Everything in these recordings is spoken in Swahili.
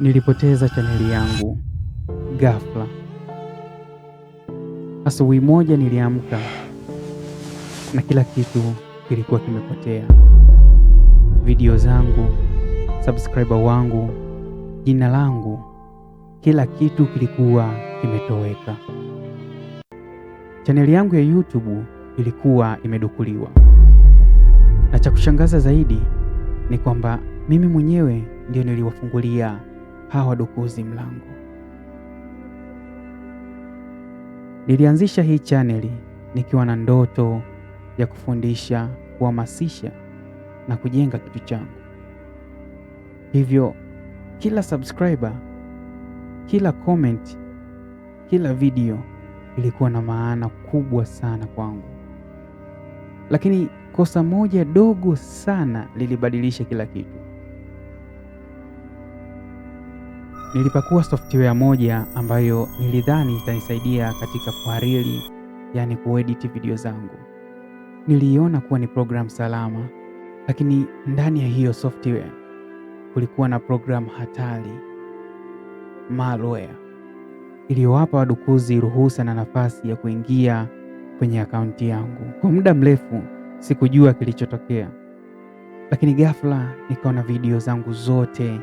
Nilipoteza chaneli yangu ghafla. Asubuhi moja niliamka na kila kitu kilikuwa kimepotea: video zangu, subscriber wangu, jina langu, kila kitu kilikuwa kimetoweka. Chaneli yangu ya YouTube ilikuwa imedukuliwa, na cha kushangaza zaidi ni kwamba mimi mwenyewe ndio niliwafungulia hawadukuzi mlango. Nilianzisha hii chaneli nikiwa na ndoto ya kufundisha, kuhamasisha na kujenga kitu changu. Hivyo kila subscriber, kila comment, kila video ilikuwa na maana kubwa sana kwangu, lakini kosa moja dogo sana lilibadilisha kila kitu. Nilipakua software moja ambayo nilidhani itanisaidia katika kuhariri, yani kuedit video zangu. Niliiona kuwa ni programu salama, lakini ndani ya hiyo software kulikuwa na programu hatari, malware, iliyowapa wadukuzi ruhusa na nafasi ya kuingia kwenye akaunti yangu. Kwa muda mrefu sikujua kilichotokea, lakini ghafla nikaona video zangu zote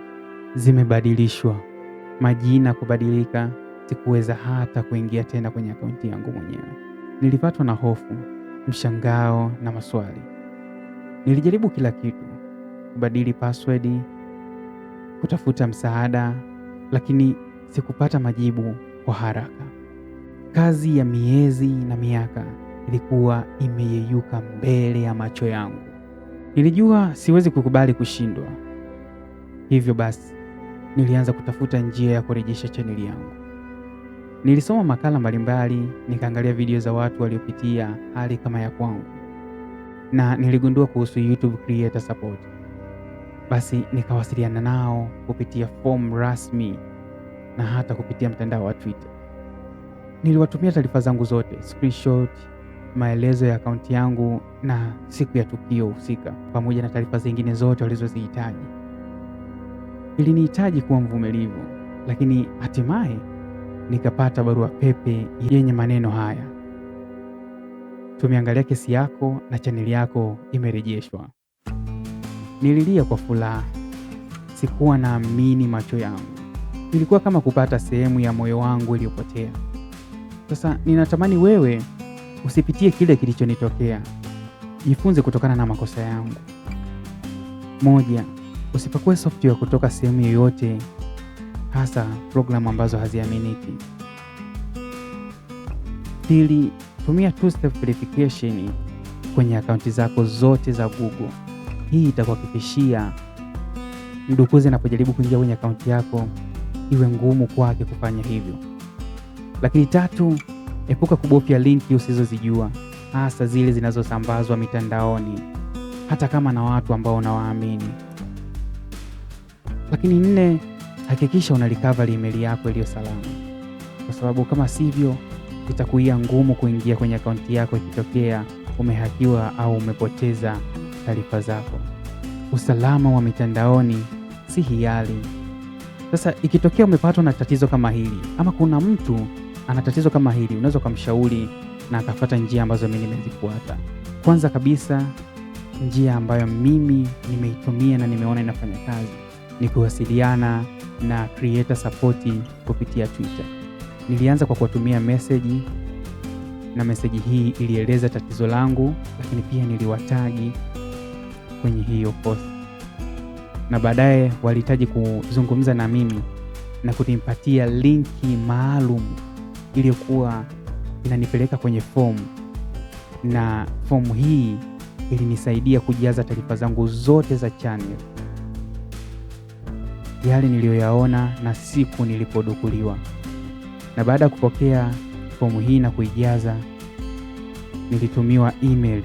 zimebadilishwa majina kubadilika, sikuweza hata kuingia tena kwenye akaunti yangu mwenyewe. Nilipatwa na hofu, mshangao na maswali. Nilijaribu kila kitu, kubadili password, kutafuta msaada, lakini sikupata majibu kwa haraka. Kazi ya miezi na miaka ilikuwa imeyeyuka mbele ya macho yangu. Nilijua siwezi kukubali kushindwa, hivyo basi nilianza kutafuta njia ya kurejesha chaneli yangu. Nilisoma makala mbalimbali, nikaangalia video za watu waliopitia hali kama ya kwangu, na niligundua kuhusu YouTube Creator Support. Basi nikawasiliana nao kupitia fomu rasmi na hata kupitia mtandao wa Twitter. Niliwatumia taarifa zangu zote, screenshot, maelezo ya akaunti yangu na siku ya tukio husika, pamoja na taarifa zingine zote walizozihitaji ilinihitaji kuwa mvumilivu, lakini hatimaye nikapata barua pepe yenye maneno haya: tumeangalia kesi yako na chaneli yako imerejeshwa. Nililia kwa furaha, sikuwa naamini macho yangu. Ilikuwa kama kupata sehemu ya moyo wangu iliyopotea. Sasa ninatamani wewe usipitie kile kilichonitokea, jifunze kutokana na makosa yangu. Moja, Usipakue software kutoka sehemu yoyote, hasa programu ambazo haziaminiki. Pili, tumia two-step verification kwenye akaunti zako zote za Google. Hii itakuhakikishia mdukuzi anapojaribu kuingia kwenye akaunti yako iwe ngumu kwake kufanya hivyo. Lakini tatu, epuka kubofya linki usizozijua, hasa zile zinazosambazwa mitandaoni, hata kama na watu ambao unawaamini. Lakini nne, hakikisha una recover email yako iliyo salama, kwa sababu kama sivyo itakuia ngumu kuingia kwenye akaunti yako ikitokea umehakiwa au umepoteza taarifa zako. Usalama wa mitandaoni si hiari. Sasa ikitokea umepatwa na tatizo kama hili ama kuna mtu ana tatizo kama hili, unaweza ukamshauri na akafuata njia ambazo mimi nimezifuata. Kwanza kabisa, njia ambayo mimi nimeitumia na nimeona inafanya kazi ni kuwasiliana na creator support kupitia Twitter. Nilianza kwa kuwatumia meseji na meseji hii ilieleza tatizo langu, lakini pia niliwatagi kwenye hiyo post, na baadaye walihitaji kuzungumza na mimi na kunipatia linki maalum iliyokuwa inanipeleka kwenye fomu, na fomu hii ilinisaidia kujaza taarifa zangu zote za channel yale niliyoyaona na siku nilipodukuliwa. Na baada ya kupokea fomu hii na kuijaza, nilitumiwa email,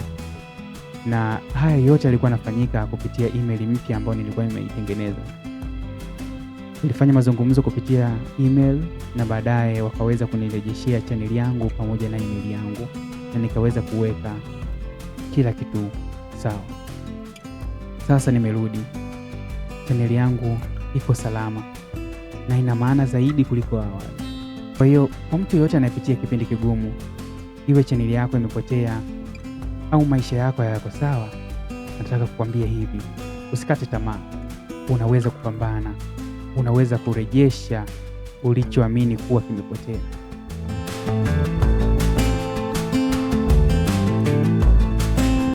na haya yote yalikuwa yanafanyika kupitia email mpya ambayo nilikuwa nimeitengeneza. Nilifanya mazungumzo kupitia email na baadaye wakaweza kunirejeshea chaneli yangu pamoja na email yangu, na nikaweza kuweka kila kitu sawa. Sasa nimerudi chaneli yangu iko salama na ina maana zaidi kuliko awali. Kwa hiyo kwa mtu yoyote anayepitia kipindi kigumu, iwe chaneli yako imepotea au maisha yako hayako sawa, nataka kukwambia hivi, usikate tamaa. Unaweza kupambana, unaweza kurejesha ulichoamini kuwa kimepotea.